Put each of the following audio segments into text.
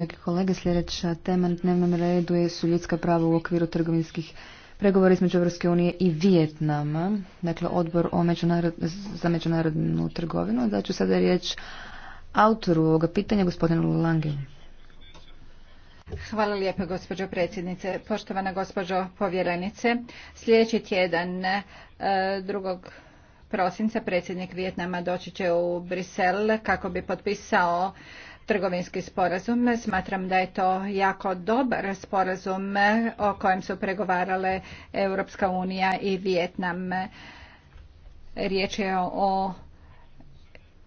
Dakle, kolege, sljedeća tema na dnevnom redu je su ljudska prava u okviru trgovinskih pregovora između Europske unije i Vijetnama. Dakle, odbor o međunarod, za međunarodnu trgovinu. Da ću sada riječ autoru ovoga pitanja, gospodinu Lulangi. Hvala lijepa gospođo predsjednice. Poštovana gospođo povjerenice, sljedeći tjedan e, drugog prosinca predsjednik Vijetnama doći će u Brisel kako bi potpisao trgovinski sporazum. Smatram da je to jako dobar sporazum o kojem su pregovarale Europska unija i Vijetnam. Riječ je o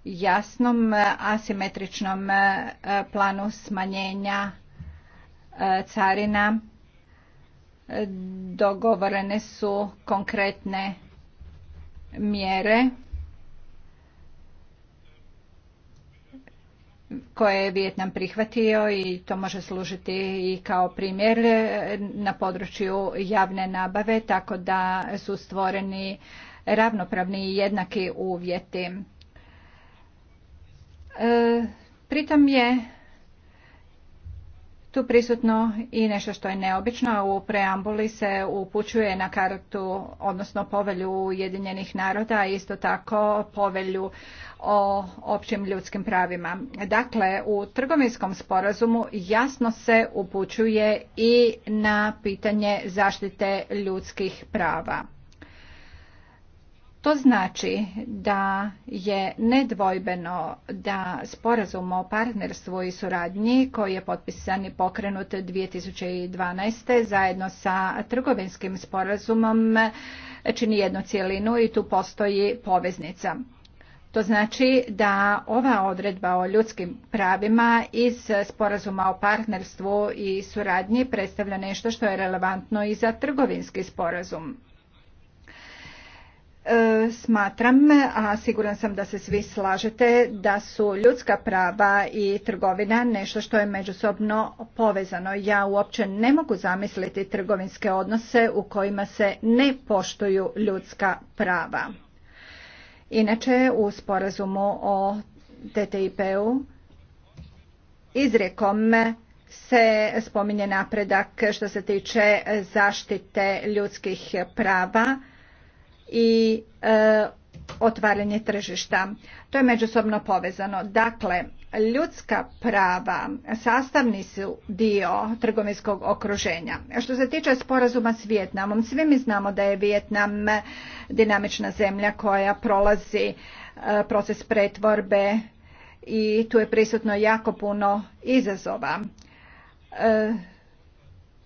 jasnom asimetričnom e, planu smanjenja e, carina. E, dogovorene su konkretne mjere koje je Vjetnam prihvatio i to može služiti i kao primjer na području javne nabave, tako da su stvoreni ravnopravni i jednaki uvjeti. E, pritom je tu prisutno i nešto što je neobično. U preambuli se upućuje na kartu, odnosno povelju Ujedinjenih naroda, a isto tako povelju o općim ljudskim pravima. Dakle, u trgovinskom sporazumu jasno se upućuje i na pitanje zaštite ljudskih prava. To znači da je nedvojbeno da sporazum o partnerstvu i suradnji koji je potpisan i pokrenut 2012. zajedno sa trgovinskim sporazumom čini jednu cjelinu i tu postoji poveznica. To znači da ova odredba o ljudskim pravima iz sporazuma o partnerstvu i suradnji predstavlja nešto što je relevantno i za trgovinski sporazum. E, smatram, a siguran sam da se svi slažete, da su ljudska prava i trgovina nešto što je međusobno povezano. Ja uopće ne mogu zamisliti trgovinske odnose u kojima se ne poštuju ljudska prava. Inače, u sporazumu o TTIP-u izrijekom se spominje napredak što se tiče zaštite ljudskih prava i e, otvaranje tržišta. To je međusobno povezano. Dakle, ljudska prava sastavni su dio trgovinskog okruženja. Što se tiče sporazuma s Vijetnamom, svi mi znamo da je Vijetnam dinamična zemlja koja prolazi e, proces pretvorbe i tu je prisutno jako puno izazova. E,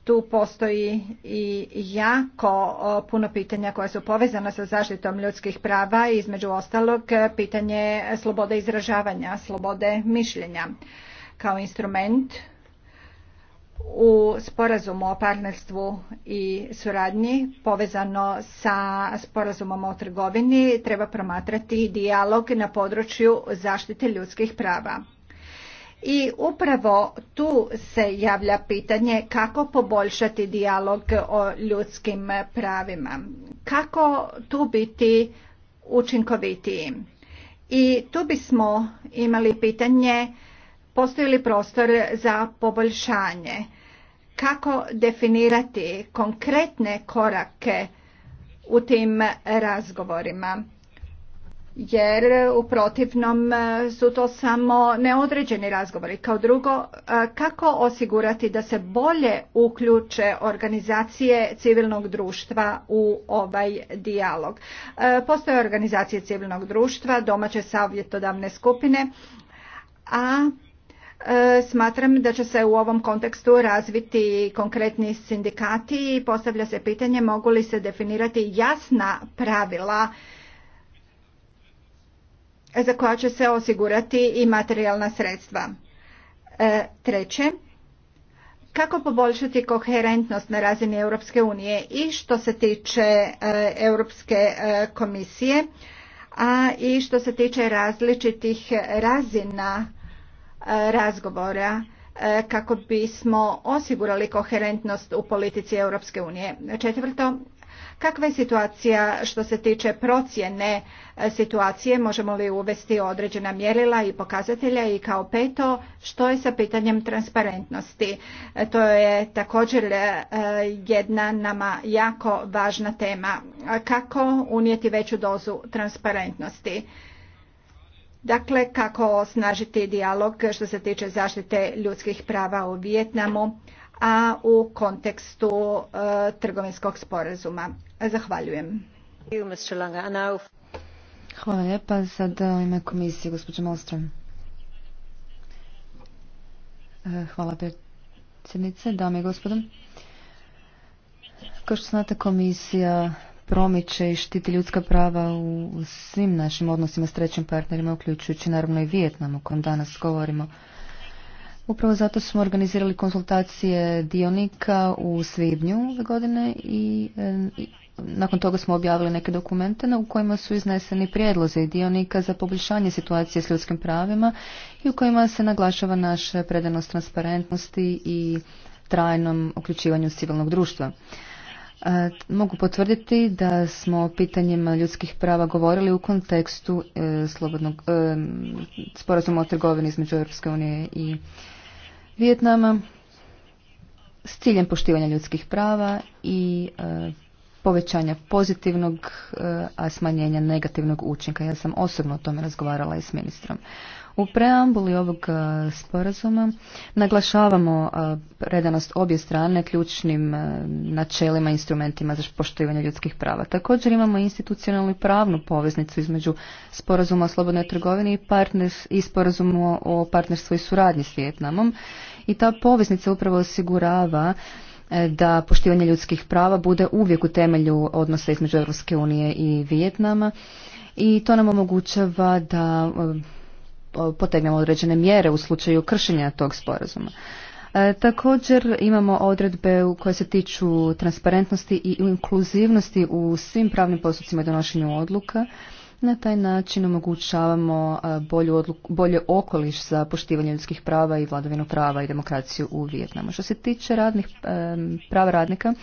tu postoji i jako puno pitanja koja su povezana sa zaštitom ljudskih prava i između ostalog e, pitanje slobode izražavanja, slobode mišljenja kao instrument u sporazumu o partnerstvu i suradnji povezano sa sporazumom o trgovini treba promatrati dijalog na području zaštite ljudskih prava. I upravo tu se javlja pitanje kako poboljšati dijalog o ljudskim pravima. Kako tu biti učinkovitiji? I tu bismo imali pitanje postoji li prostor za poboljšanje? Kako definirati konkretne korake u tim razgovorima? jer u protivnom e, su to samo neodređeni razgovori. Kao drugo, e, kako osigurati da se bolje uključe organizacije civilnog društva u ovaj dijalog? E, postoje organizacije civilnog društva, domaće savjetodavne skupine, a smatram da će se u ovom kontekstu razviti konkretni sindikati i postavlja se pitanje mogu li se definirati jasna pravila za koja će se osigurati i materijalna sredstva. E, treće, kako poboljšati koherentnost na razini Europske unije i što se tiče e, Europske e, komisije, a i što se tiče različitih razina razgovora kako bismo osigurali koherentnost u politici Europske unije. Četvrto, Kakva je situacija što se tiče procjene e, situacije? Možemo li uvesti određena mjerila i pokazatelja? I kao peto, što je sa pitanjem transparentnosti? E, to je također e, jedna nama jako važna tema. Kako unijeti veću dozu transparentnosti? Dakle, kako osnažiti dijalog što se tiče zaštite ljudskih prava u Vijetnamu, a u kontekstu e, trgovinskog sporazuma. Zahvaljujem. Hvala lijepa. Sada ime komisije, gospođa Malstrom. E, hvala predsjednice, dame i gospodo. Kao što znate, komisija promiče i štiti ljudska prava u svim našim odnosima s trećim partnerima, uključujući naravno i Vijetnam o kojem danas govorimo. Upravo zato smo organizirali konsultacije dionika u svibnju ove godine e, i nakon toga smo objavili neke dokumente u kojima su izneseni prijedlozi dionika za poboljšanje situacije s ljudskim pravima i u kojima se naglašava naša predanost transparentnosti i trajnom uključivanju civilnog društva. E, mogu potvrditi da smo o pitanjima ljudskih prava govorili u kontekstu e, slobodnog e, sporazuma o trgovini između Europske unije i Vijetnama s ciljem poštivanja ljudskih prava i povećanja pozitivnog, a smanjenja negativnog učinka. Ja sam osobno o tome razgovarala i s ministrom. U preambuli ovog e, sporazuma naglašavamo e, predanost obje strane ključnim e, načelima i instrumentima za poštivanje ljudskih prava. Također imamo institucionalnu i pravnu poveznicu između sporazuma o slobodnoj trgovini i, partners, sporazumu o partnerstvu i suradnji s Vjetnamom i ta poveznica upravo osigurava da poštivanje ljudskih prava bude uvijek u temelju odnosa između Europske unije i Vijetnama i to nam omogućava da potegnemo određene mjere u slučaju kršenja tog sporazuma. E, također imamo odredbe u koje se tiču transparentnosti i inkluzivnosti u svim pravnim postupcima i donošenju odluka. Na taj način omogućavamo e, bolju bolje okoliš za poštivanje ljudskih prava i vladavinu prava i demokraciju u Vijetnamu. Što se tiče radnih, e, prava radnika,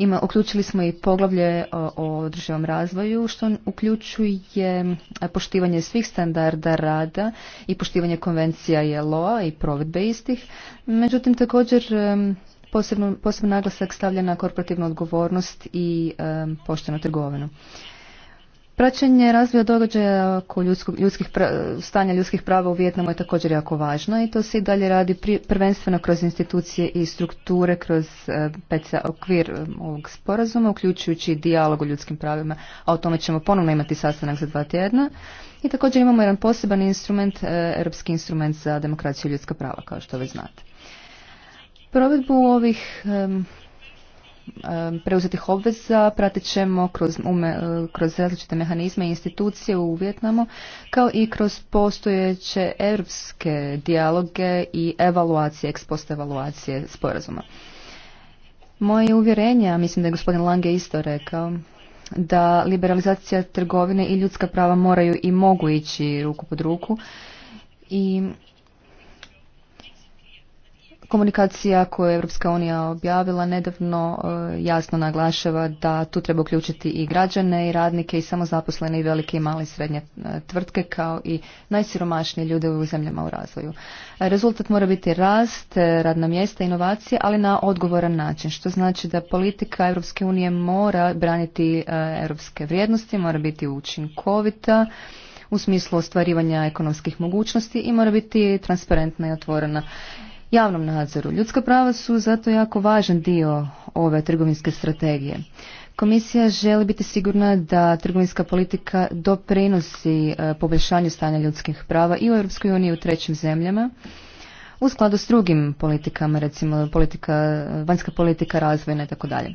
ima, uključili smo i poglavlje o održivom razvoju što uključuje poštivanje svih standarda rada i poštivanje konvencija ILO-a i provedbe istih. Međutim, također posebno, posebno naglasak stavlja na korporativnu odgovornost i poštenu trgovinu. Praćenje razvoja događaja oko ljudskih stanja ljudskih prava u Vijetnamu je također jako važno i to se i dalje radi prvenstveno kroz institucije i strukture, kroz e, PCA okvir e, ovog sporazuma, uključujući dijalog o ljudskim pravima, a o tome ćemo ponovno imati sastanak za dva tjedna. I također imamo jedan poseban instrument, e, europski instrument za demokraciju i ljudska prava, kao što već znate. Provedbu ovih preuzetih obveza pratit ćemo kroz, e, kroz različite mehanizme i institucije u Vjetnamu, kao i kroz postojeće europske dijaloge i evaluacije, post evaluacije sporazuma. Moje uvjerenje, a mislim da je gospodin Lange isto rekao, da liberalizacija trgovine i ljudska prava moraju i mogu ići ruku pod ruku i Komunikacija koju je Europska unija objavila nedavno e, jasno naglašava da tu treba uključiti i građane i radnike i samozaposlene i velike i male i srednje e, tvrtke kao i najsiromašnije ljude u zemljama u razvoju. E, rezultat mora biti rast, radna mjesta, inovacije, ali na odgovoran način, što znači da politika Europske unije mora braniti europske vrijednosti, mora biti učinkovita u smislu ostvarivanja ekonomskih mogućnosti i mora biti transparentna i otvorena javnom nadzoru. Ljudska prava su zato jako važan dio ove trgovinske strategije. Komisija želi biti sigurna da trgovinska politika doprinosi e, poboljšanju stanja ljudskih prava i u EU i u trećim zemljama u skladu s drugim politikama, recimo politika, vanjska politika razvojna i tako dalje.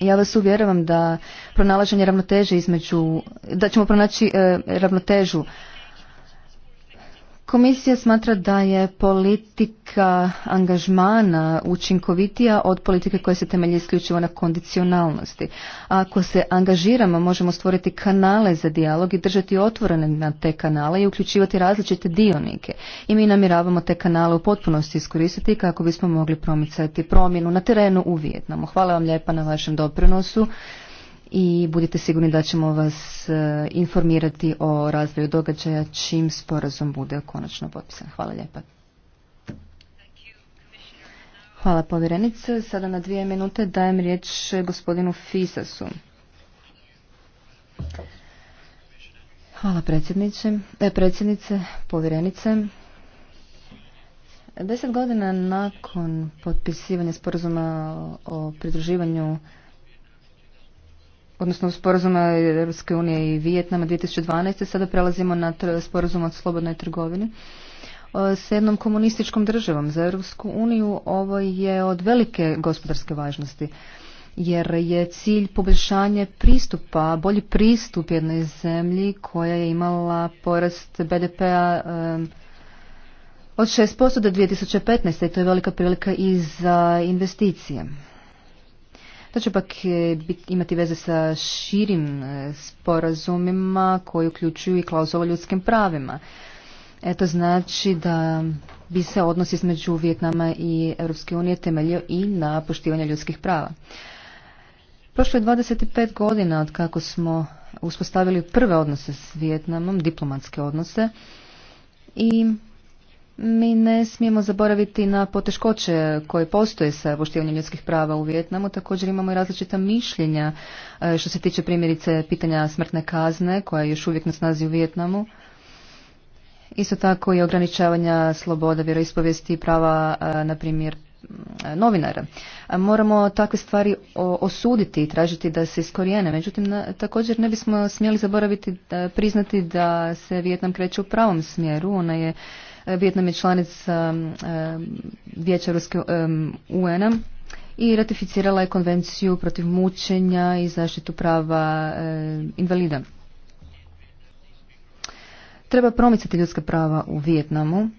Ja vas uvjeravam da pronalaženje ravnoteže između, da ćemo pronaći e, ravnotežu Komisija smatra da je politika angažmana učinkovitija od politike koja se temelji isključivo na kondicionalnosti. Ako se angažiramo, možemo stvoriti kanale za dijalog i držati otvorene na te kanale i uključivati različite dionike. I mi namiravamo te kanale u potpunosti iskoristiti kako bismo mogli promicati promjenu na terenu u Vijetnamu. Hvala vam lijepa na vašem doprinosu i budite sigurni da ćemo vas e, informirati o razvoju događaja čim sporazum bude konačno potpisan. Hvala lijepa. Hvala povjerenice. Sada na dvije minute dajem riječ gospodinu Fisasu. Hvala predsjedniče, e, predsjednice, povjerenice. Deset godina nakon potpisivanja sporazuma o pridruživanju odnosno sporazuma Europske unije i Vijetnama 2012. Sada prelazimo na sporazum o slobodnoj trgovini e, s jednom komunističkom državom. Za Europsku uniju ovo je od velike gospodarske važnosti jer je cilj poboljšanje pristupa, bolji pristup jednoj zemlji koja je imala porast BDP-a od 6% do 2015. i to je velika prilika i za investicije. To će pak e, imati veze sa širim e, sporazumima koji uključuju i klauzulu ljudskim pravima. Eto znači da bi se odnos između Vijetnama i Europske unije temeljio i na poštivanje ljudskih prava. Prošlo je 25 godina od kako smo uspostavili prve odnose s Vijetnamom, diplomatske odnose i mi ne smijemo zaboraviti na poteškoće koje postoje sa poštivanjem ljudskih prava u Vjetnamu. Također imamo i različita mišljenja e, što se tiče primjerice pitanja smrtne kazne koja je još uvijek na snazi u Vjetnamu. Isto tako i ograničavanja sloboda, vjeroispovijesti i prava, e, na primjer, novinara. Moramo takve stvari osuditi i tražiti da se iskorijene. Međutim, također ne bismo smjeli zaboraviti e, priznati da se Vjetnam kreće u pravom smjeru. Ona je Vjetnam je članica um, um, Vijeća Ruske um, UN-a i ratificirala je konvenciju protiv mučenja i zaštitu prava invalida. Treba promicati ljudska prava u Vjetnamu,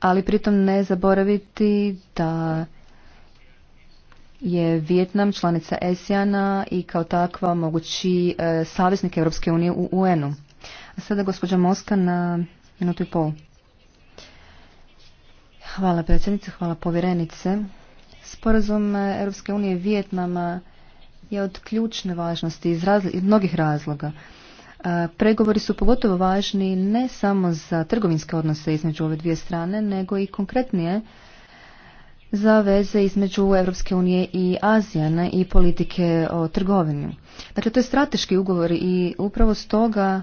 ali pritom ne zaboraviti da je Vjetnam članica ESJ-a i kao takva mogući uh, saveznik Europske unije u UN-u. A sada gospođa Moska na minutu i pol. Hvala predsjednice, hvala povjerenice. Sporazum eh, Europske unije i Vijetnama je od ključne važnosti iz, mnogih razloga. Eh, pregovori su pogotovo važni ne samo za trgovinske odnose između ove dvije strane, nego i konkretnije za veze između Europske unije i Azijana i politike o trgovini. Dakle, to je strateški ugovor i upravo stoga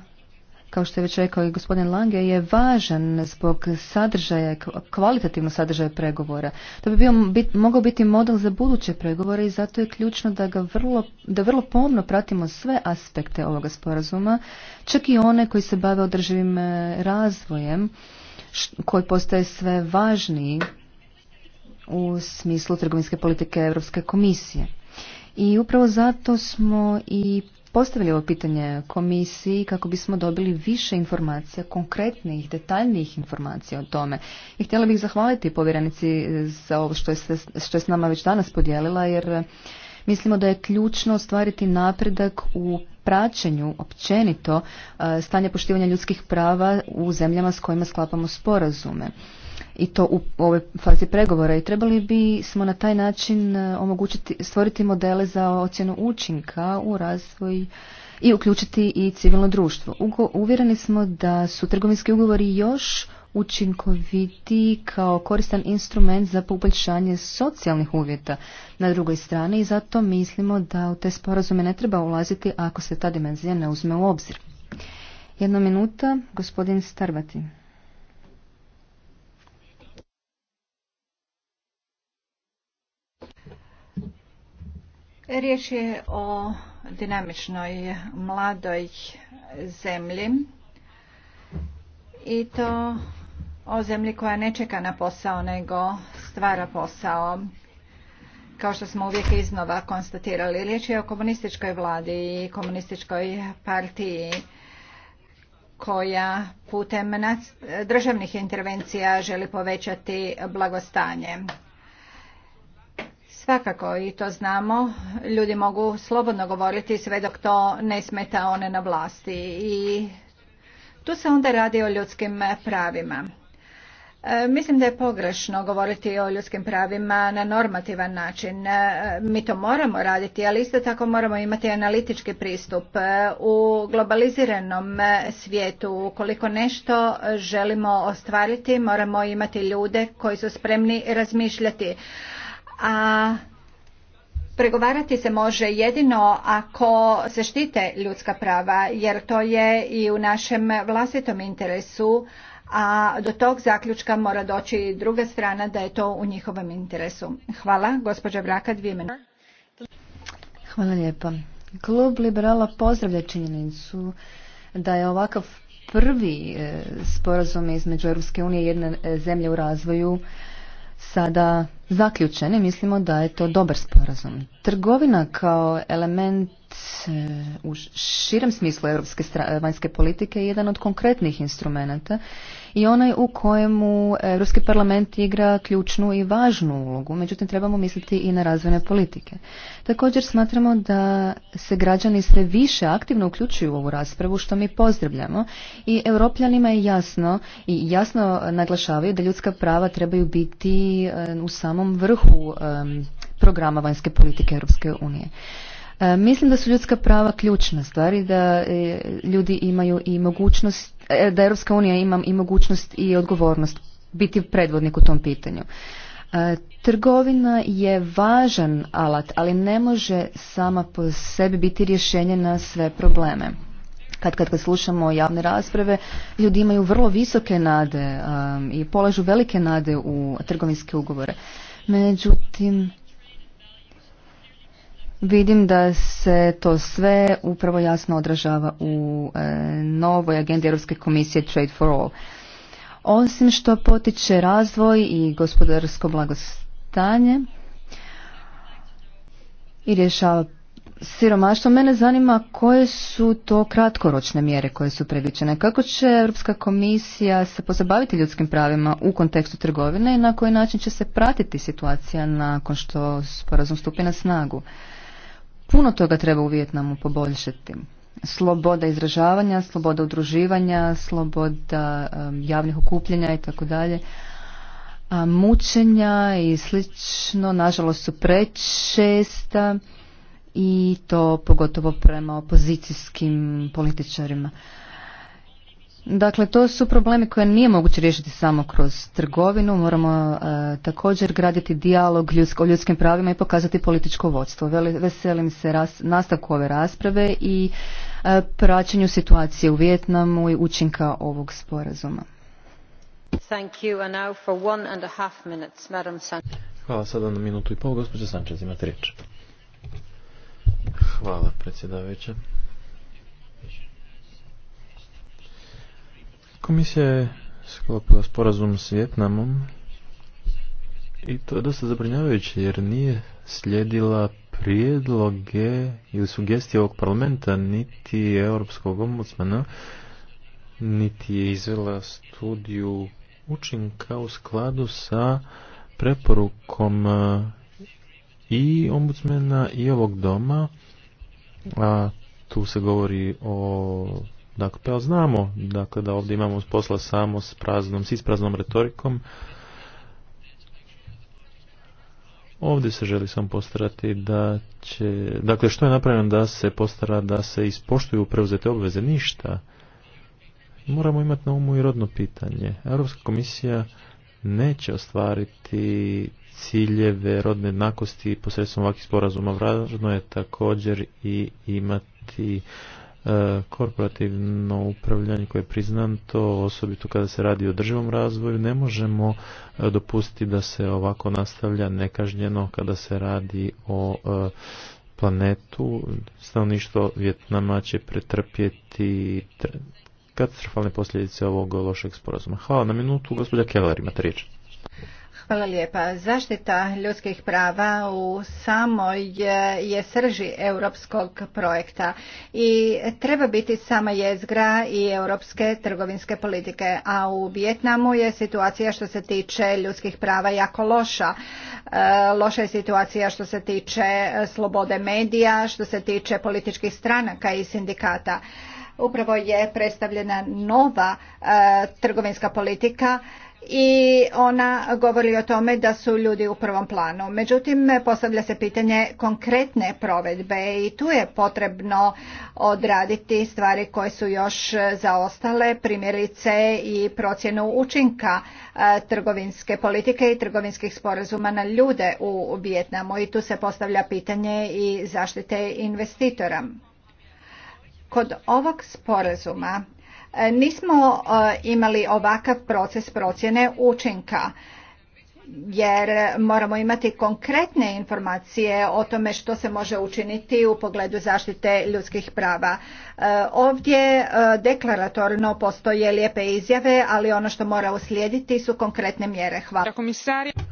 kao što je već rekao i gospodin Lange, je važan zbog sadržaja, kvalitativno sadržaja pregovora. To bi bio, mogao biti model za buduće pregovore i zato je ključno da ga vrlo, da vrlo pomno pratimo sve aspekte ovoga sporazuma, čak i one koji se bave održivim e, razvojem, koji postaje sve važniji u smislu trgovinske politike Europske komisije. I upravo zato smo i postavili ovo pitanje komisiji kako bismo dobili više informacija, konkretnih, detaljnijih informacija o tome. I htjela bih zahvaliti povjerenici za ovo što je, se, što s nama već danas podijelila, jer mislimo da je ključno ostvariti napredak u praćenju općenito stanja poštivanja ljudskih prava u zemljama s kojima sklapamo sporazume i to u ovoj fazi pregovora i trebali bi smo na taj način e, omogućiti, stvoriti modele za ocjenu učinka u razvoj i uključiti i civilno društvo. uvjereni smo da su trgovinski ugovori još učinkoviti kao koristan instrument za poboljšanje socijalnih uvjeta na drugoj strani i zato mislimo da u te sporazume ne treba ulaziti ako se ta dimenzija ne uzme u obzir. Jedna minuta, gospodin Starbati. Riječ je o dinamičnoj mladoj zemlji i to o zemlji koja ne čeka na posao nego stvara posao kao što smo uvijek iznova konstatirali. Riječ je o komunističkoj vladi i komunističkoj partiji koja putem državnih intervencija želi povećati blagostanje. Svakako, i to znamo, ljudi mogu slobodno govoriti sve dok to ne smeta one na vlasti. I tu se onda radi o ljudskim pravima. E, mislim da je pogrešno govoriti o ljudskim pravima na normativan način. E, mi to moramo raditi, ali isto tako moramo imati analitički pristup. E, u globaliziranom svijetu, ukoliko nešto želimo ostvariti, moramo imati ljude koji su spremni razmišljati a pregovarati se može jedino ako se štite ljudska prava jer to je i u našem vlastitom interesu a do tog zaključka mora doći i druga strana da je to u njihovom interesu. Hvala. Gospođa Vraka, dvije Hvala lijepa. Klub Liberala pozdravlja činjenicu da je ovakav prvi e, sporazum između Europske unije i jedne e, zemlje u razvoju sada zaključeni, mislimo da je to dobar sporazum. Trgovina kao element e, u širem smislu europske vanjske politike je jedan od konkretnih instrumenata i onaj u kojemu Europski parlament igra ključnu i važnu ulogu, međutim trebamo misliti i na razvojne politike. Također smatramo da se građani sve više aktivno uključuju u ovu raspravu što mi pozdravljamo i europljanima je jasno i jasno naglašavaju da ljudska prava trebaju biti e, u samom samom vrhu programa vanjske politike Europske unije. Mislim da su ljudska prava ključna stvar i da e, ljudi imaju i mogućnost, e, da Europska unija ima i mogućnost i odgovornost biti predvodnik u tom pitanju. E, trgovina je važan alat, ali ne može sama po sebi biti rješenje na sve probleme. Kad, kad, slušamo javne rasprave, ljudi imaju vrlo visoke nade i polažu velike nade u trgovinske ugovore. Međutim, vidim da se to sve upravo jasno odražava u e, novoj agendi Europske komisije Trade for All. Osim što potiče razvoj i gospodarsko blagostanje i rješava siromaštvo, mene zanima koje su to kratkoročne mjere koje su predviđene. Kako će Europska komisija se pozabaviti ljudskim pravima u kontekstu trgovine i na koji način će se pratiti situacija nakon što sporazum stupi na snagu? Puno toga treba u Vijetnamu poboljšati. Sloboda izražavanja, sloboda udruživanja, sloboda javnih okupljanja i tako dalje. Mučenja i slično, nažalost, su prečesta i to pogotovo prema opozicijskim političarima. Dakle, to su problemi koje nije moguće riješiti samo kroz trgovinu, moramo e, također graditi dijalog o ljudskim pravima i pokazati političko vodstvo. Veselim se ras, nastavku ove rasprave i e, praćenju situacije u Vjetnamu i učinka ovog sporazuma. Thank you. And Hvala sada na minutu i pol, gospođa Sančez, imate riječ. Hvala predsjedavajuća. Komisija je sklopila sporazum s Vjetnamom i to je dosta zabrinjavajuće jer nije slijedila prijedloge ili sugestije ovog parlamenta niti europskog ombudsmana niti je izvela studiju učinka u skladu sa preporukom i ombudsmana i ovog doma a tu se govori o dakle pa znamo dakle da ovdje imamo posla samo s praznom s ispraznom retorikom Ovdje se želi sam postarati da će, dakle što je napravljeno da se postara da se ispoštuju preuzete obveze, ništa. Moramo imati na umu i rodno pitanje. Europska komisija neće ostvariti ciljeve rodne jednakosti posredstvom ovakvih sporazuma. Vražno je također i imati e, korporativno upravljanje koje je priznato, osobito kada se radi o državom razvoju, ne možemo e, dopustiti da se ovako nastavlja nekažnjeno kada se radi o e, planetu. Stanovništvo Vjetnama će pretrpjeti katastrofalne posljedice ovog lošeg sporazuma. Hvala na minutu, gospođa Keller imate riječ. Hvala lijepa. Zaštita ljudskih prava u samoj e, je srži europskog projekta i treba biti sama jezgra i europske trgovinske politike, a u Vjetnamu je situacija što se tiče ljudskih prava jako loša. E, loša je situacija što se tiče e, slobode medija, što se tiče političkih stranaka i sindikata. Upravo je predstavljena nova trgovinska politika i ona govori o tome da su ljudi u prvom planu. Međutim, postavlja se pitanje konkretne provedbe i tu je potrebno odraditi stvari koje su još zaostale, primjerice i procjenu učinka e, trgovinske politike i trgovinskih sporazuma na ljude u Vijetnamu i tu se postavlja pitanje i zaštite investitora. Kod ovog sporazuma E, nismo e, imali ovakav proces procjene učinka jer moramo imati konkretne informacije o tome što se može učiniti u pogledu zaštite ljudskih prava. E, ovdje deklaratorno postoje lijepe izjave, ali ono što mora uslijediti su konkretne mjere. Hvala.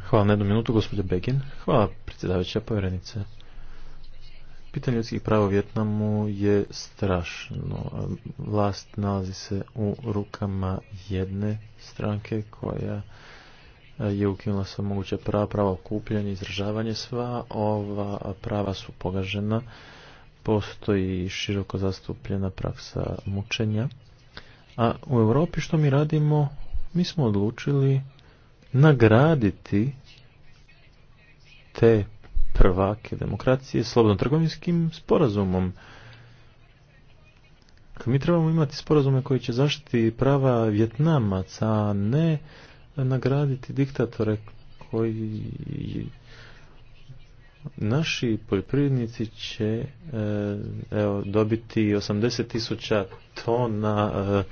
Hvala minutu, Hvala, predsjedavajuća Pitanje ljudskih prava u Vjetnamu je strašno. Vlast nalazi se u rukama jedne stranke koja je ukinula sva moguća prava, prava okupljanja, izražavanje, sva ova prava su pogažena. Postoji široko zastupljena praksa mučenja. A u Europi što mi radimo? Mi smo odlučili nagraditi te prvake demokracije slobodno-trgovinskim sporazumom. Mi trebamo imati sporazume koji će zaštiti prava Vjetnamaca, a ne nagraditi diktatore koji naši poljoprivrednici će e, evo, dobiti 80.000 tisuća tona e,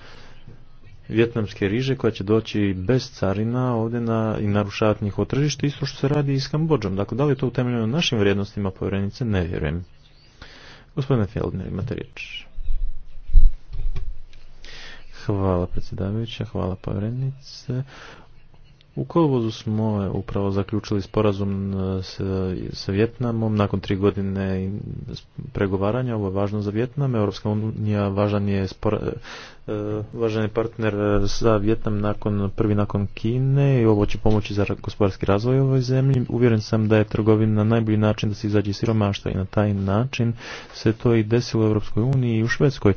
vjetnamske riže koja će doći bez carina ovdje na, i narušavati njihovo tržište, isto što se radi i s Kambodžom. Dakle, da li je to utemljeno našim vrijednostima povjerenice? Ne vjerujem. Gospodine Fjeldner, imate riječ. Hvala predsjedavajuća, hvala povjerenice. U kolovozu smo e, upravo zaključili sporazum e, sa Vjetnamom. Nakon tri godine pregovaranja, ovo je važno za Vjetnam. Europska unija važan je, e, partner za Vjetnam nakon, prvi nakon Kine i ovo će pomoći za gospodarski razvoj ovoj zemlji. Uvjeren sam da je trgovina na najbolji način da se izađe siromaštva i na taj način se to i desilo u Europskoj uniji i u Švedskoj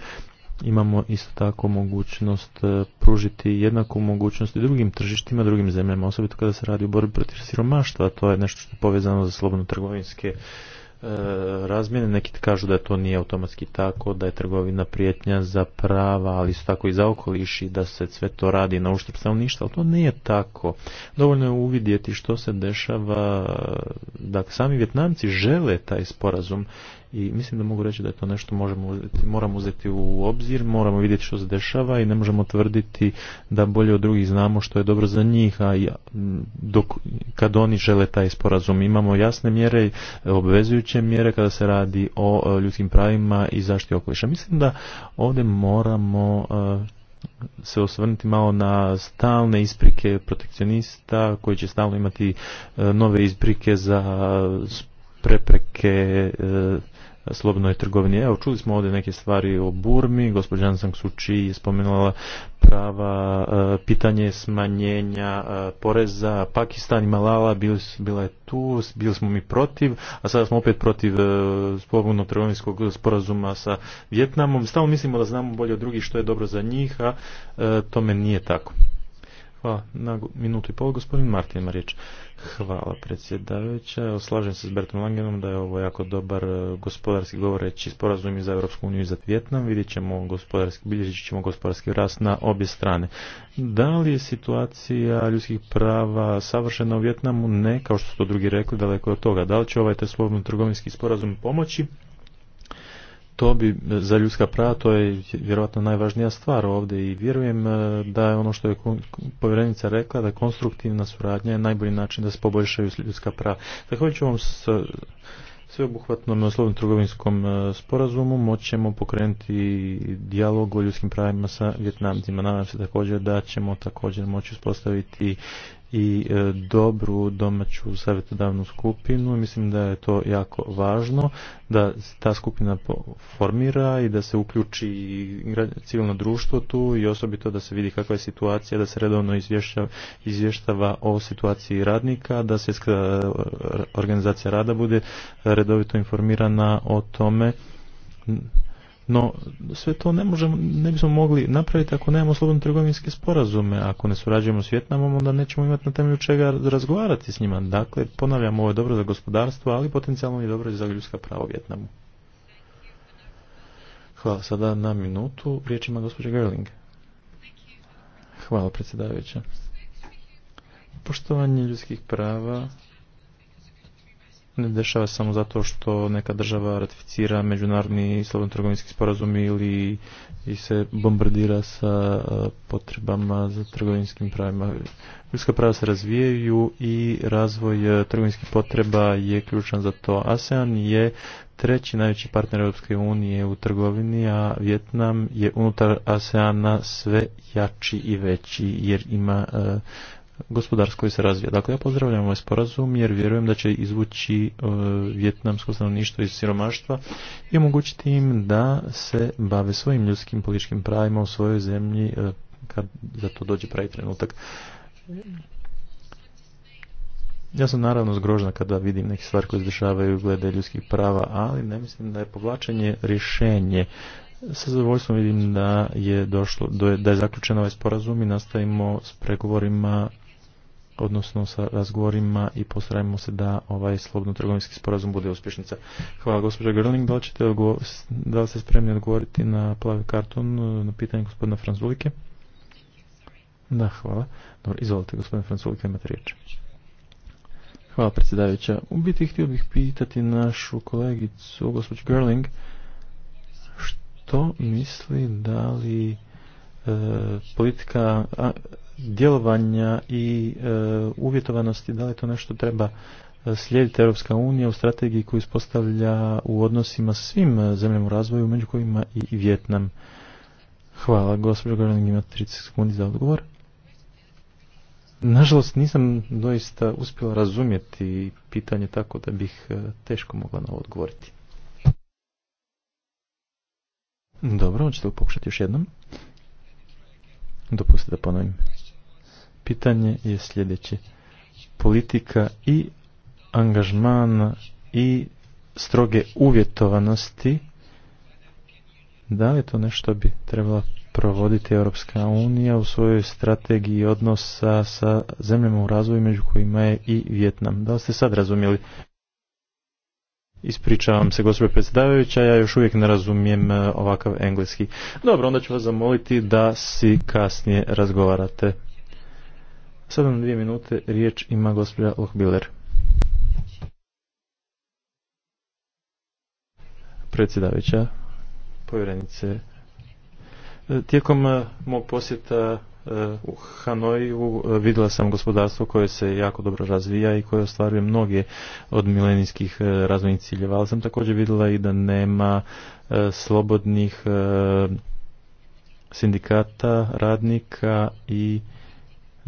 imamo isto tako mogućnost e, pružiti jednaku mogućnost i drugim tržištima, drugim zemljama, osobito kada se radi o borbi protiv siromaštva, to je nešto što je povezano za slobodno trgovinske e, razmjene. Neki kažu da to nije automatski tako, da je trgovina prijetnja za prava, ali isto tako i za okoliš i da se sve to radi na uštrb stanovništva, ali to nije tako. Dovoljno je uvidjeti što se dešava, e, da sami Vjetnamci žele taj sporazum i mislim da mogu reći da je to nešto možemo uzeti, moramo uzeti u obzir, moramo vidjeti što se dešava i ne možemo tvrditi da bolje od drugih znamo što je dobro za njih, a dok, kad oni žele taj sporazum. Imamo jasne mjere, obvezujuće mjere kada se radi o e, ljudskim pravima i zaštiti okoliša. Mislim da ovdje moramo e, se osvrnuti malo na stalne isprike protekcionista koji će stalno imati e, nove isprike za prepreke e, slobodnoj trgovini. Evo, čuli smo ovdje neke stvari o Burmi, gospođa Ansang je spomenula prava, e, pitanje smanjenja e, poreza, Pakistan i Malala bila je tu, bili smo mi protiv, a sada smo opet protiv slobodno trgovinskog sporazuma sa Vjetnamom. Stalno mislimo da znamo bolje od drugih što je dobro za njih, a tome nije tako. Hvala. Na minutu i pol gospodin Martin ima riječ. Hvala predsjedavajuća. Slažem se s Bertom Langenom da je ovo jako dobar e, gospodarski govoreći sporazum i za Europsku uniju i za Vjetnam. Vidjet ćemo gospodarski, bilježit ćemo gospodarski rast na obje strane. Da li je situacija ljudskih prava savršena u Vjetnamu? Ne, kao što su to drugi rekli, daleko od toga. Da li će ovaj te slobodno trgovinski sporazum pomoći? to bi e, za ljudska prava to je vjerojatno najvažnija stvar ovdje i vjerujem e, da je ono što je povjerenica rekla da konstruktivna suradnja je najbolji način da se poboljšaju ljudska prava. Također ću vam s sveobuhvatnom slovnom trgovinskom e, sporazumu moćemo pokrenuti dijalog o ljudskim pravima sa Vjetnamcima. Nadam se također da ćemo također moći uspostaviti i e, dobru domaću savjetodavnu skupinu. Mislim da je to jako važno da ta skupina formira i da se uključi civilno društvo tu i osobito da se vidi kakva je situacija, da se redovno izvještava o situaciji radnika, da svjetska e, organizacija rada bude redovito informirana o tome no, sve to ne, možemo, ne bismo mogli napraviti ako nemamo slobodno trgovinske sporazume. Ako ne surađujemo s Vjetnamom, onda nećemo imati na temelju čega razgovarati s njima. Dakle, ponavljam, ovo je dobro za gospodarstvo, ali potencijalno je dobro i za ljudska prava u Vjetnamu. Hvala. Sada na minutu. Riječ ima gospođa Gerling. Hvala predsjedavajuća. Poštovanje ljudskih prava ne dešava samo zato što neka država ratificira međunarodni slobodno trgovinski sporazum ili i se bombardira sa e, potrebama za trgovinskim pravima. Ljudska prava se razvijaju i razvoj e, trgovinskih potreba je ključan za to. ASEAN je treći najveći partner Europske unije u trgovini, a Vjetnam je unutar ASEANA sve jači i veći jer ima e, gospodarskoj se razvija. Dakle, ja pozdravljam ovaj sporazum jer vjerujem da će izvući e, vjetnamsko stanovništvo iz siromaštva i omogućiti im da se bave svojim ljudskim političkim pravima u svojoj zemlji e, kad za to dođe pravi trenutak. Ja sam naravno zgrožna kada vidim neke stvari koje izdešavaju glede ljudskih prava, ali ne mislim da je povlačenje rješenje. Sa zadovoljstvom vidim da je došlo, da je zaključen ovaj sporazum i nastavimo s pregovorima odnosno sa razgovorima i postavimo se da ovaj slobodno trgovinski sporazum bude uspješnica. Hvala gospođa Grling, da li, da li ste spremni odgovoriti na plavi karton na pitanje gospodina Franzulike? Da, hvala. Dobro, izvolite gospodine Franzulike, imate riječ. Hvala predsjedavajuća. U biti htio bih pitati našu kolegicu, gospođu Gerling, što misli da li e, politika djelovanja i e, uvjetovanosti, da li to nešto treba e, slijediti Europska unija u strategiji koju ispostavlja u odnosima s svim e, zemljama u razvoju, među kojima i Vjetnam. Hvala, gospođo Goraning, ima 30 sekundi za odgovor. Nažalost, nisam doista uspio razumjeti pitanje tako da bih e, teško mogla na odgovoriti. Dobro, hoćete pokušati još jednom? Dopustite da ponovim pitanje je sljedeće. Politika i angažman i stroge uvjetovanosti, da li to nešto bi trebala provoditi Europska unija u svojoj strategiji odnosa sa zemljama u razvoju među kojima je i Vjetnam. Da li ste sad razumjeli? Ispričavam se, gospođo predsjedavajuća, ja još uvijek ne razumijem e, ovakav engleski. Dobro, onda ću vas zamoliti da si kasnije razgovarate. Sada na dvije minute riječ ima gospođa Lohbiler. Predsjedavića, povjerenice, e, tijekom e, mog posjeta e, u Hanoju vidjela sam gospodarstvo koje se jako dobro razvija i koje ostvaruje mnoge od milenijskih razvojnih ciljeva, ali sam također vidjela i da nema slobodnih sindikata, radnika i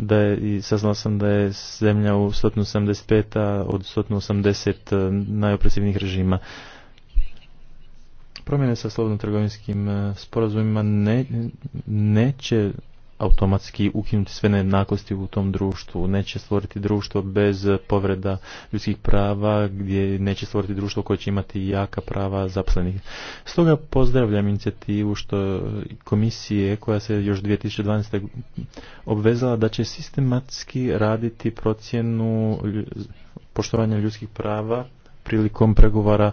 da je, i saznao sam da je zemlja u 175. od 180 e, najopresivnijih režima. Promjene sa slobodno trgovinskim e, sporazumima neće automatski ukinuti sve nejednakosti u tom društvu, neće stvoriti društvo bez povreda ljudskih prava, gdje neće stvoriti društvo koje će imati jaka prava zaposlenih. Stoga pozdravljam inicijativu što komisije koja se još 2012. obvezala da će sistematski raditi procjenu poštovanja ljudskih prava prilikom pregovara e,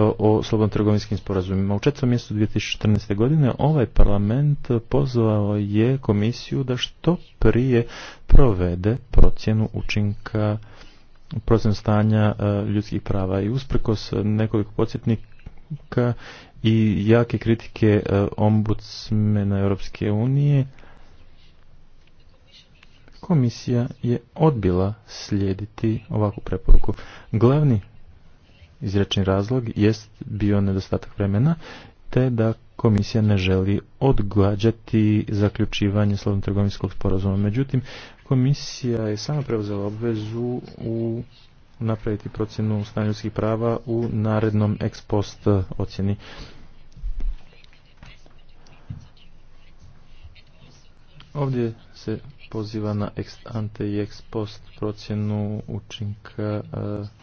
o slobodno trgovinskim sporazumima. U četvrtom mjestu 2014. godine ovaj parlament pozvao je komisiju da što prije provede procjenu učinka procjenu stanja e, ljudskih prava i usprkos nekoliko podsjetnika i jake kritike e, ombudsmena Europske unije komisija je odbila slijediti ovakvu preporuku. Glavni izrečni razlog jest bio nedostatak vremena, te da komisija ne želi odgađati zaključivanje slovno-trgovinskog sporazuma. Međutim, komisija je sama preuzela obvezu u napraviti procjenu stanja prava u narednom ex post ocjeni. Ovdje se poziva na ex ante i ex post procjenu učinka e,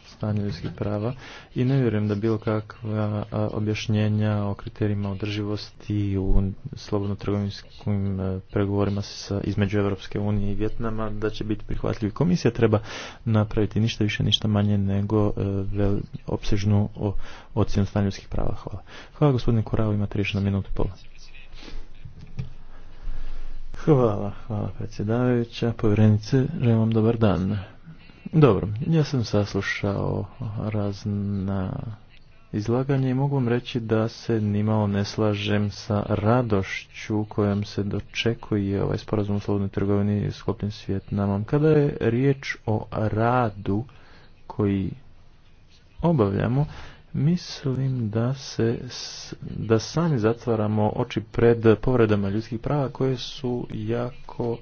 stanja prava i ne vjerujem da bilo kakva e, objašnjenja o kriterijima održivosti u slobodno trgovinskim e, pregovorima sa, između Europske unije i Vjetnama da će biti prihvatljivi. Komisija treba napraviti ništa više, ništa manje nego opsežnu ocjenu stanja ljudskih prava. Hvala. Hvala gospodine Kurau, imate riječ na minutu pola. Hvala, hvala predsjedavajuća, povjerenice, želim vam dobar dan. Dobro, ja sam saslušao razna izlaganje i mogu vam reći da se nimalo ne slažem sa radošću kojom se dočekuje ovaj sporazum o slobodnoj trgovini sklopljen svijet Kada je riječ o radu koji obavljamo, Mislim da se da sami zatvaramo oči pred povredama ljudskih prava koje su jako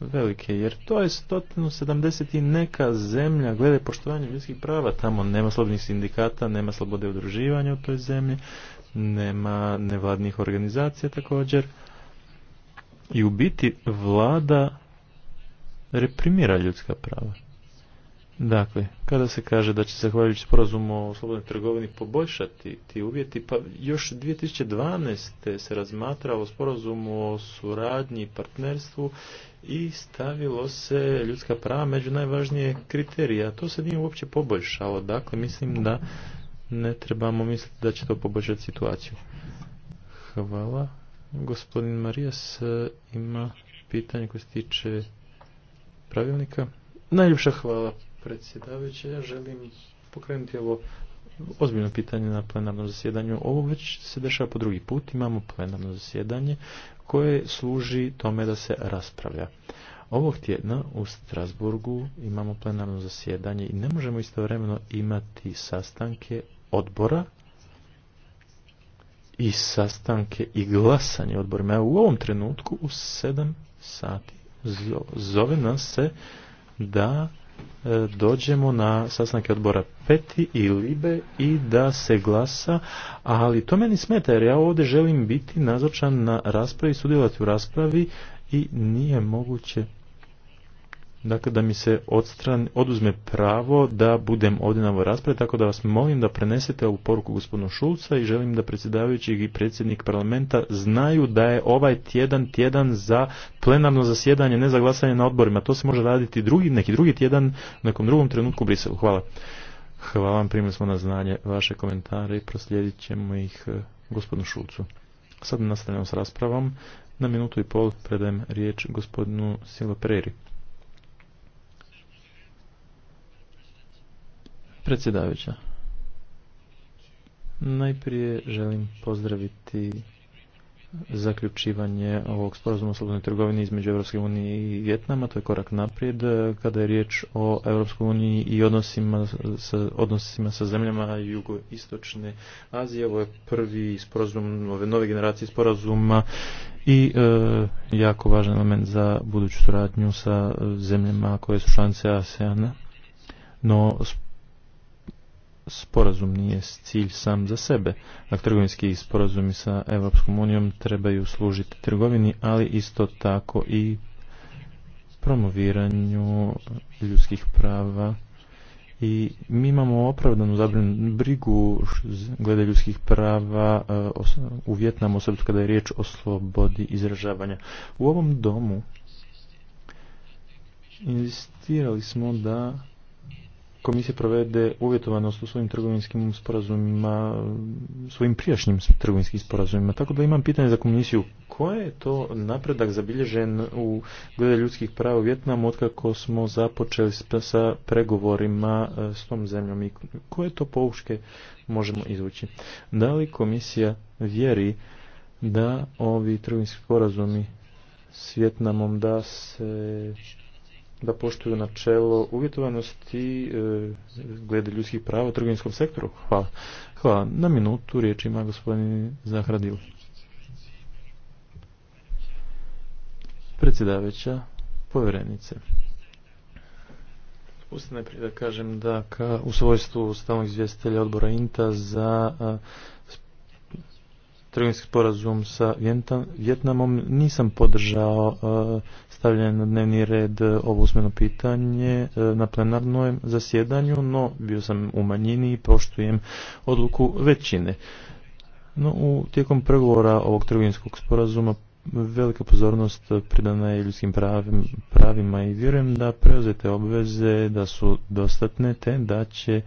velike, jer to je 170 i neka zemlja glede poštovanje ljudskih prava, tamo nema slobodnih sindikata, nema slobode udruživanja u toj zemlji, nema nevladnih organizacija također. I u biti vlada reprimira ljudska prava. Dakle, kada se kaže da će zahvaljujući sporazumu o slobodnoj trgovini poboljšati ti uvjeti, pa još 2012. se razmatrao sporazumu o suradnji i partnerstvu i stavilo se ljudska prava među najvažnije kriterije, a to se nije uopće poboljšalo. Dakle, mislim da ne trebamo misliti da će to poboljšati situaciju. Hvala. Gospodin Marijas e, ima pitanje koje se tiče pravilnika. Najljepša hvala predsjedavajući. Ja želim pokrenuti ovo ozbiljno pitanje na plenarnom zasjedanju. Ovo već se dešava po drugi put. Imamo plenarno zasjedanje koje služi tome da se raspravlja. Ovog tjedna u Strasburgu imamo plenarno zasjedanje i ne možemo istovremeno imati sastanke odbora i sastanke i glasanje odborima. u ovom trenutku u 7 sati zove nas se da E, dođemo na sastanke odbora Peti i Libe i da se glasa, ali to meni smeta jer ja ovdje želim biti nazočan na raspravi, sudjelovati u raspravi i nije moguće dakle da mi se odstran, oduzme pravo da budem ovdje na ovoj raspravi, tako da vas molim da prenesete ovu poruku gospodinu Šulca i želim da predsjedavajući i predsjednik parlamenta znaju da je ovaj tjedan tjedan za plenarno zasjedanje, ne za glasanje na odborima. To se može raditi drugi, neki drugi tjedan, nekom drugom trenutku u Briselu. Hvala. Hvala vam, primili smo na znanje vaše komentare i proslijedit ćemo ih eh, gospodinu Šulcu. Sad nastavljamo s raspravom. Na minutu i pol predajem riječ gospodinu Silo Pereri. Predsjedavajuća, najprije želim pozdraviti zaključivanje ovog sporazuma o slobodnoj trgovini između Europske unije i Vjetnama. To je korak naprijed kada je riječ o Europskoj uniji i odnosima sa, odnosima sa zemljama jugoistočne Azije. Ovo je prvi sporazum ove nove generacije sporazuma i e, jako važan element za buduću suradnju sa e, zemljama koje su članice ASEANA. No, sporazum nije cilj sam za sebe. Dakle, trgovinski sporazumi sa EU unijom trebaju služiti trgovini, ali isto tako i promoviranju ljudskih prava i mi imamo opravdanu zabrinu brigu glede ljudskih prava eh, u Vjetnamu, osobito kada je riječ o slobodi izražavanja. U ovom domu inzistirali smo da komisija provede uvjetovanost u svojim trgovinskim sporazumima, svojim prijašnjim trgovinskim sporazumima. Tako da imam pitanje za komisiju. Koje je to napredak zabilježen u glede ljudskih prava u Vjetnamu otkako smo započeli sa pregovorima e, s tom zemljom i koje to pouške možemo izvući? Da li komisija vjeri da ovi trgovinski sporazumi s Vjetnamom da se da poštuju načelo uvjetovanosti e, glede ljudskih prava u trgovinskom sektoru. Hvala. Hvala. Na minutu riječ ima gospodin Zahradil. Predsjedaveća, povjerenice. pustite najprije da kažem da ka, u svojstvu stalnog izvjestitelja odbora INTA za trgovinski sporazum sa Vjetnamom nisam podržao stavljen na dnevni red e, ovo pitanje e, na plenarnom zasjedanju, no bio sam u manjini i poštujem odluku većine. No, u tijekom pregovora ovog trgovinskog sporazuma velika pozornost pridana je ljudskim pravima i vjerujem da preuzete obveze da su dostatne te da će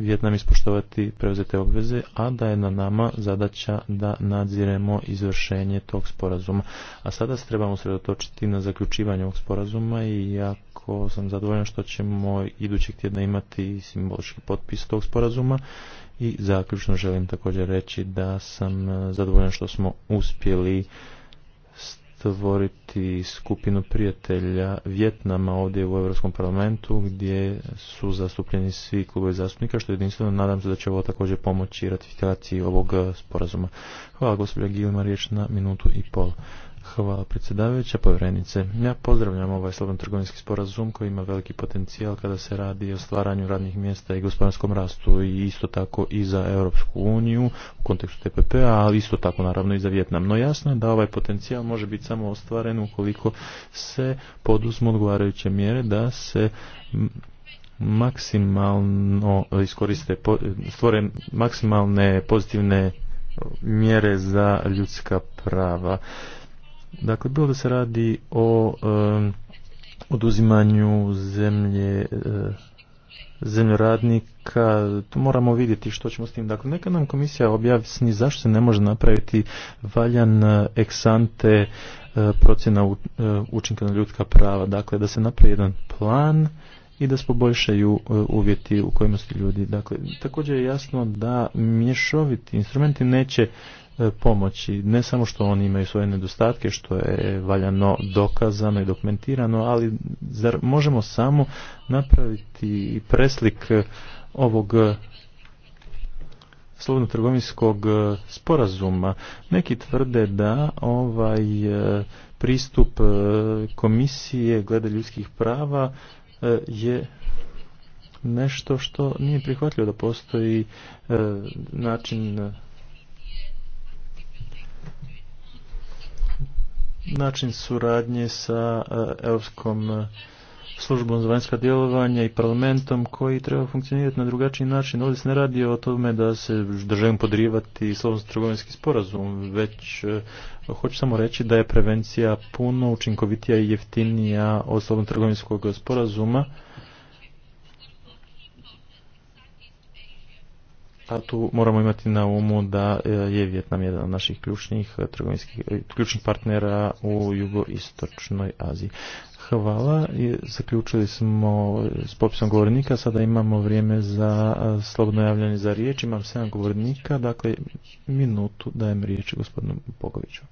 Vjetnam ispoštovati preuzete obveze, a da je na nama zadaća da nadziremo izvršenje tog sporazuma. A sada se trebamo sredotočiti na zaključivanje ovog sporazuma i jako sam zadovoljan što ćemo idućeg tjedna imati simbolički potpis tog sporazuma i zaključno želim također reći da sam eh, zadovoljan što smo uspjeli stvoriti skupinu prijatelja Vjetnama ovdje u Europskom parlamentu gdje su zastupljeni svi klubovi zastupnika što jedinstveno nadam se da će ovo također pomoći ratifikaciji ovog sporazuma. Hvala gospođa Gilma riječ na minutu i pol. Hvala predsjedavajuća, povjerenice. Ja pozdravljam ovaj slobodan trgovinski sporazum koji ima veliki potencijal kada se radi o stvaranju radnih mjesta i gospodarskom rastu i isto tako i za Europsku uniju u kontekstu TPP-a, ali isto tako naravno i za Vjetnam. No jasno je da ovaj potencijal može biti samo ostvaren ukoliko se poduzmu odgovarajuće mjere da se maksimalno iskoriste stvore maksimalne pozitivne mjere za ljudska prava. Dakle, bilo da se radi o oduzimanju zemlje e, zemljoradnika, to moramo vidjeti što ćemo s tim. Dakle, neka nam komisija objasni zašto se ne može napraviti valjan e, eksante e, procjena e, učinka na ljudska prava. Dakle, da se napravi jedan plan i da se poboljšaju uvjeti u kojima su ljudi. Dakle, također je jasno da mješoviti instrumenti neće E, pomoći. Ne samo što oni imaju svoje nedostatke, što je valjano dokazano i dokumentirano, ali zar možemo samo napraviti preslik ovog e, slobodno trgovinskog e, sporazuma. Neki tvrde da ovaj pristup komisije glede ljudskih prava je nešto što nije prihvatljivo da postoji način način suradnje sa e, Europskom e, službom za vanjska djelovanja i parlamentom koji treba funkcionirati na drugačiji način. Ovdje se ne radi o tome da se želim podrivati slobodno trgovinski sporazum, već e, hoću samo reći da je prevencija puno učinkovitija i jeftinija od slobodno trgovinskog sporazuma a tu moramo imati na umu da e, je Vjetnam jedan od naših ključnih e, trgovinskih e, ključnih partnera u jugoistočnoj Aziji. Hvala. Zaključili smo s popisom govornika. Sada imamo vrijeme za slobodno javljanje za riječ. Imam sedam govornika. Dakle, minutu dajem riječ gospodinu Bogoviću.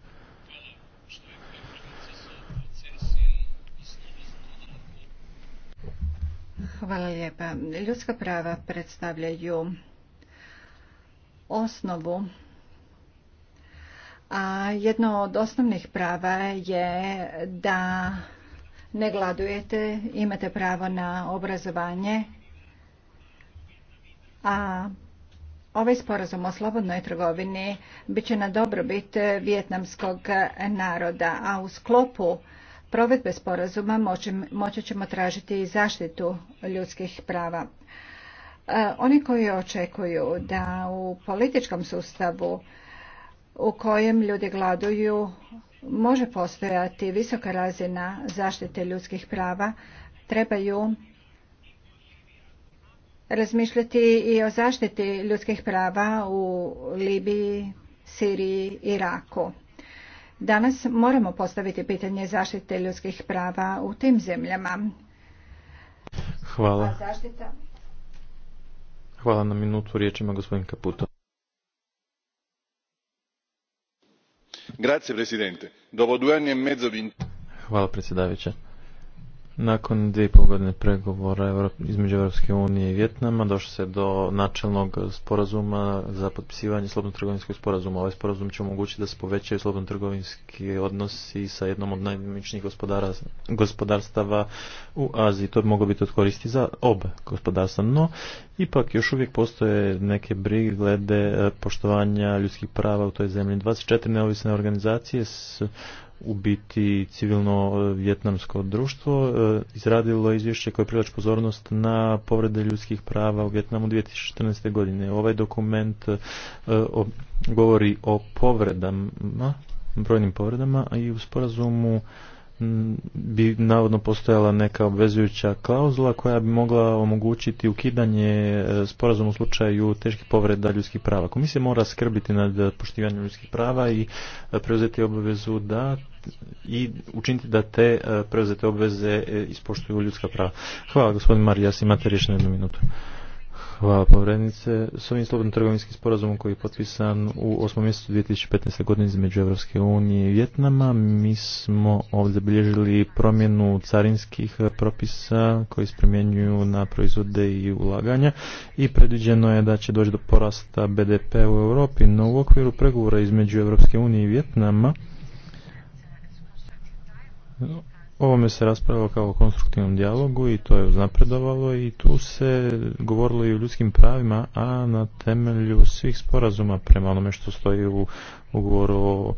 Hvala lijepa. Ljudska prava predstavljaju osnovu a jedno od osnovnih prava je da ne gladujete, imate pravo na obrazovanje, a ovaj sporazum o slobodnoj trgovini bit će na dobrobit vjetnamskog naroda, a u sklopu provedbe sporazuma moći ćemo tražiti i zaštitu ljudskih prava. E, oni koji očekuju da u političkom sustavu u kojem ljudi gladuju može postojati visoka razina zaštite ljudskih prava, trebaju razmišljati i o zaštiti ljudskih prava u Libiji, Siriji, Iraku. Danas moramo postaviti pitanje zaštite ljudskih prava u tim zemljama. Hvala. zaštita... Hvala na minutu, riječ ima gospodin Kaputo. Grazie, presidente. Dopo due anni e mezzo di... Hvala, predsjedavajuće. Nakon dvije i pol godine pregovora između Europske unije i Vjetnama došlo se do načelnog sporazuma za potpisivanje slobodno-trgovinskog sporazuma. Ovaj sporazum će omogućiti da se povećaju slobodno-trgovinski odnosi sa jednom od najmičnijih gospodarstava u Aziji. To bi moglo biti od za oba gospodarstva. No, ipak još uvijek postoje neke brige glede eh, poštovanja ljudskih prava u toj zemlji. 24 neovisne organizacije s u biti civilno e, vjetnamsko društvo e, izradilo izvješće koje privlači pozornost na povrede ljudskih prava u Vjetnamu 2014. godine. Ovaj dokument e, govori o povredama, brojnim povredama, i u sporazumu bi navodno postojala neka obvezujuća klauzula koja bi mogla omogućiti ukidanje e, sporazuma u slučaju teških povreda ljudskih prava. Komisija mora skrbiti nad poštivanjem ljudskih prava i e, preuzeti obvezu da i učiniti da te e, preuzete obveze ispoštuju ljudska prava. Hvala gospodin Marijas, imate rješenje jednu minutu. Hvala povrednice. S ovim slobodnim trgovinskim sporazumom koji je potpisan u 8. mjesecu 2015. godine između Europske unije i Vjetnama, mi smo ovdje promjenu carinskih propisa koji se na proizvode i ulaganja i predviđeno je da će doći do porasta BDP p-a u Europi, no u okviru pregovora između Europske unije i Vjetnama ovome se raspravilo kao o konstruktivnom dijalogu i to je uznapredovalo i tu se govorilo i o ljudskim pravima, a na temelju svih sporazuma prema onome što stoji u ugovoru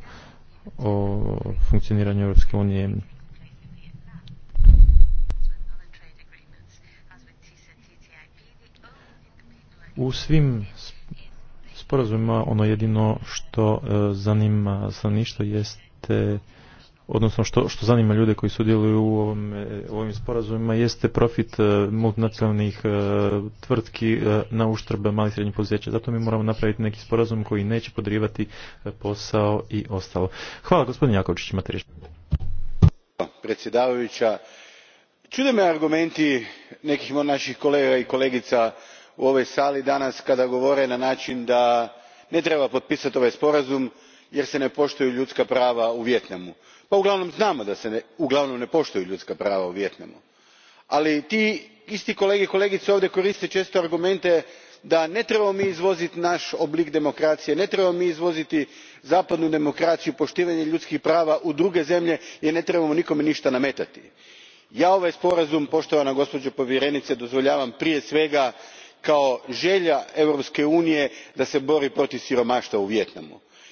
o, funkcioniranju Europske unije. U svim sporazumima ono jedino što e, zanima ništa jeste odnosno što, što zanima ljude koji sudjeluju u ovom, e, ovim sporazumima jeste profit e, multinacionalnih e, tvrtki na uštrb malih srednjih poduzeća. Zato mi moramo napraviti neki sporazum koji neće podrivati posao i ostalo. Hvala gospodin Jakovčić, imate riječ. Predsjedavajuća, čude me argumenti nekih od naših kolega i kolegica u ovoj sali danas kada govore na način da ne treba potpisati ovaj sporazum jer se ne poštuju ljudska prava u vijetnamu. pa uglavnom znamo da se uglavnom ne poštuju ljudska prava u vijetnamu ali ti isti kolege i kolegice ovdje koriste često argumente da ne trebamo mi izvoziti naš oblik demokracije ne trebamo mi izvoziti zapadnu demokraciju poštivanje ljudskih prava u druge zemlje jer ne trebamo nikome ništa nametati. ja ovaj sporazum poštovana gospođo povjerenice dozvoljavam prije svega kao želja europske unije da se bori protiv siromaštva u vijetnamu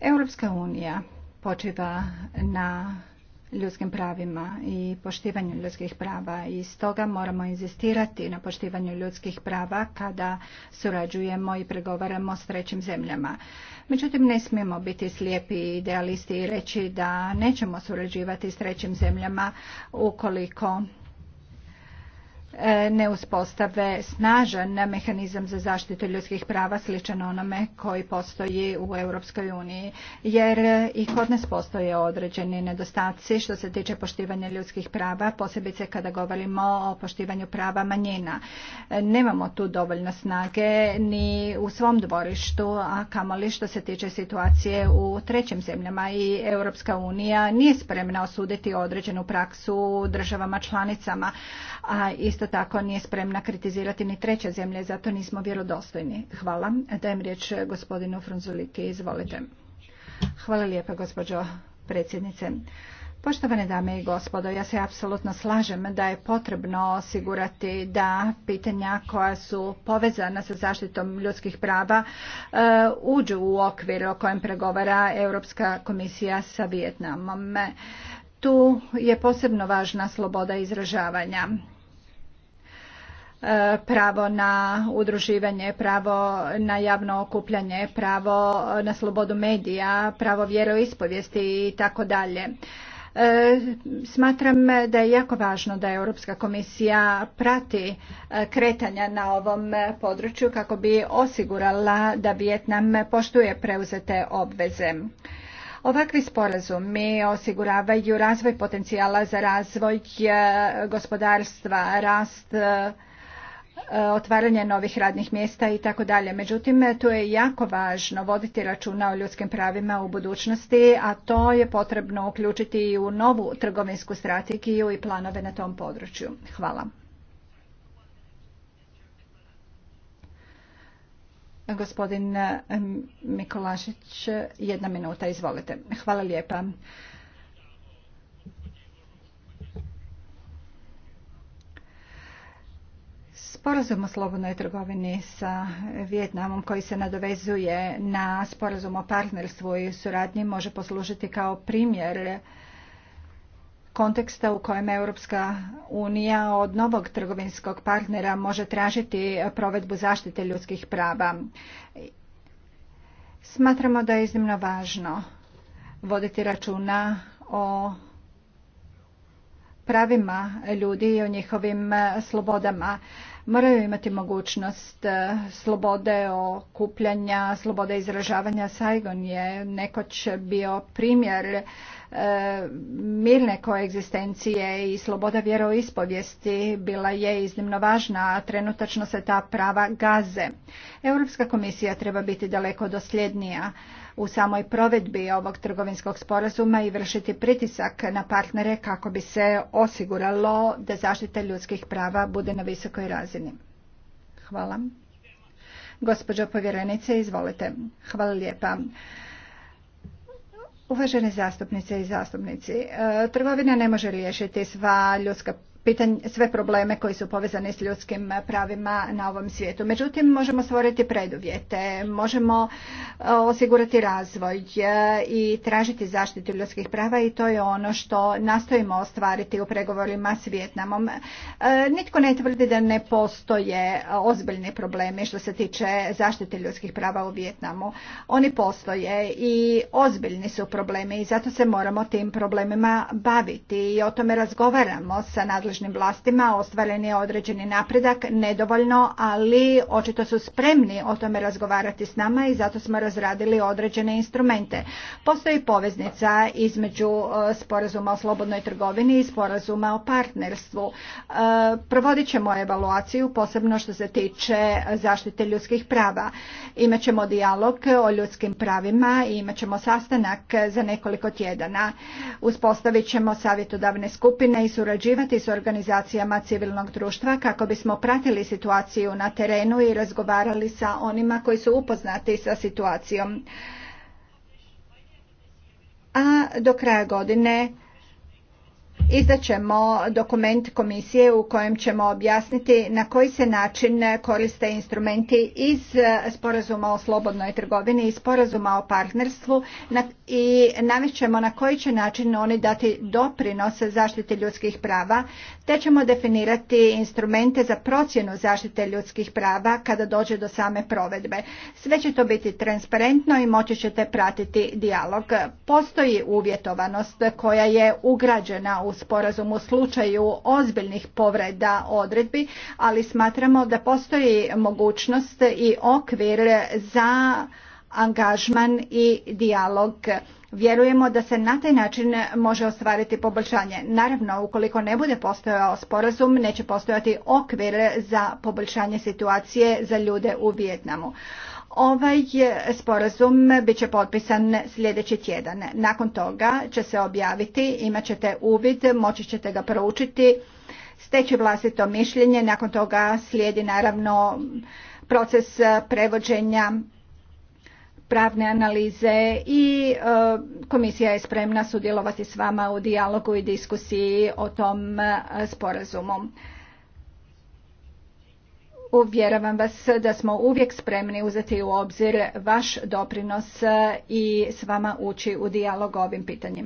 Europska unija počiva na ljudskim pravima i poštivanju ljudskih prava i stoga moramo inzistirati na poštivanju ljudskih prava kada surađujemo i pregovaramo s trećim zemljama. Međutim, ne smijemo biti slijepi idealisti i reći da nećemo surađivati s trećim zemljama ukoliko E, ne uspostave snažan mehanizam za zaštitu ljudskih prava sličan onome koji postoji u Europskoj uniji. Jer i kod nas postoje određeni nedostaci što se tiče poštivanja ljudskih prava, posebice kada govorimo o poštivanju prava manjina. E, nemamo tu dovoljno snage ni u svom dvorištu, a kamoli što se tiče situacije u trećim zemljama i Europska unija nije spremna osuditi određenu praksu državama članicama, a isto isto tako nije spremna kritizirati ni treće zemlje, zato nismo vjerodostojni. Hvala. Dajem riječ gospodinu Frunzuliki, izvolite. Hvala lijepa gospođo predsjednice. Poštovane dame i gospodo, ja se apsolutno slažem da je potrebno osigurati da pitanja koja su povezana sa zaštitom ljudskih prava e, uđu u okvir o kojem pregovara Europska komisija sa Vijetnamom. Tu je posebno važna sloboda izražavanja E, pravo na udruživanje, pravo na javno okupljanje, pravo na slobodu medija, pravo vjeroispovijesti i tako dalje. E, smatram da je jako važno da Europska komisija prati e, kretanja na ovom području kako bi osigurala da Vijetnam poštuje preuzete obveze. Ovakvi sporazumi osiguravaju razvoj potencijala za razvoj gospodarstva, rast E, otvaranje novih radnih mjesta i tako dalje. Međutim, tu je jako važno voditi računa o ljudskim pravima u budućnosti, a to je potrebno uključiti i u novu trgovinsku strategiju i planove na tom području. Hvala. Gospodin Mikolašić, jedna minuta, izvolite. Hvala lijepa. Sporazum o slobodnoj trgovini sa Vijetnamom koji se nadovezuje na sporazum o partnerstvu i suradnji može poslužiti kao primjer konteksta u kojem Europska unija od novog trgovinskog partnera može tražiti provedbu zaštite ljudskih prava. Smatramo da je iznimno važno voditi računa o pravima ljudi i o njihovim slobodama moraju imati mogućnost e, slobode okupljanja, slobode izražavanja. Saigon je nekoć bio primjer mirne koegzistencije i sloboda vjeroispovijesti bila je iznimno važna, a trenutačno se ta prava gaze. Europska komisija treba biti daleko dosljednija u samoj provedbi ovog trgovinskog sporazuma i vršiti pritisak na partnere kako bi se osiguralo da zaštita ljudskih prava bude na visokoj razini. Hvala. Gospođo povjerenice, izvolite. Hvala lijepa. Uvažene zastupnice i zastupnici, e, trgovina ne može riješiti sva ljudska pitanje, sve probleme koji su povezani s ljudskim pravima na ovom svijetu. Međutim, možemo stvoriti preduvjete, možemo e, osigurati razvoj e, i tražiti zaštitu ljudskih prava i to je ono što nastojimo ostvariti u pregovorima s Vjetnamom. E, nitko ne tvrdi da ne postoje ozbiljni problemi što se tiče zaštite ljudskih prava u Vjetnamu. Oni postoje i ozbiljni su problemi i zato se moramo tim problemima baviti i o tome razgovaramo sa nadležnim nadležnim vlastima, ostvaren je određeni napredak, nedovoljno, ali očito su spremni o tome razgovarati s nama i zato smo razradili određene instrumente. Postoji poveznica između e, sporazuma o slobodnoj trgovini i sporazuma o partnerstvu. E, provodit ćemo evaluaciju, posebno što se tiče zaštite ljudskih prava. Imaćemo dijalog o ljudskim pravima i imat ćemo sastanak za nekoliko tjedana. Uspostavit ćemo savjetodavne skupine i surađivati s organizacijama civilnog društva kako bismo pratili situaciju na terenu i razgovarali sa onima koji su upoznati sa situacijom. A do kraja godine Izdat ćemo dokument komisije u kojem ćemo objasniti na koji se način koriste instrumenti iz sporazuma o slobodnoj trgovini i sporazuma o partnerstvu i ćemo na koji će način oni dati doprinos zaštiti ljudskih prava, te ćemo definirati instrumente za procjenu zaštite ljudskih prava kada dođe do same provedbe. Sve će to biti transparentno i moći ćete pratiti dijalog. Postoji uvjetovanost koja je ugrađena u sporazum u slučaju ozbiljnih povreda odredbi, ali smatramo da postoji mogućnost i okvir za angažman i dijalog. Vjerujemo da se na taj način može ostvariti poboljšanje. Naravno, ukoliko ne bude postojao sporazum, neće postojati okvir za poboljšanje situacije za ljude u Vijetnamu. Ovaj sporazum bit će potpisan sljedeći tjedan. Nakon toga će se objaviti, imat ćete uvid, moći ćete ga proučiti, steći vlastito mišljenje, nakon toga slijedi naravno proces prevođenja pravne analize i e, komisija je spremna sudjelovati s vama u dijalogu i diskusiji o tom e, sporazumu. Uvjeravam vas da smo uvijek spremni uzeti u obzir vaš doprinos i s vama ući u dijalog o ovim pitanjima.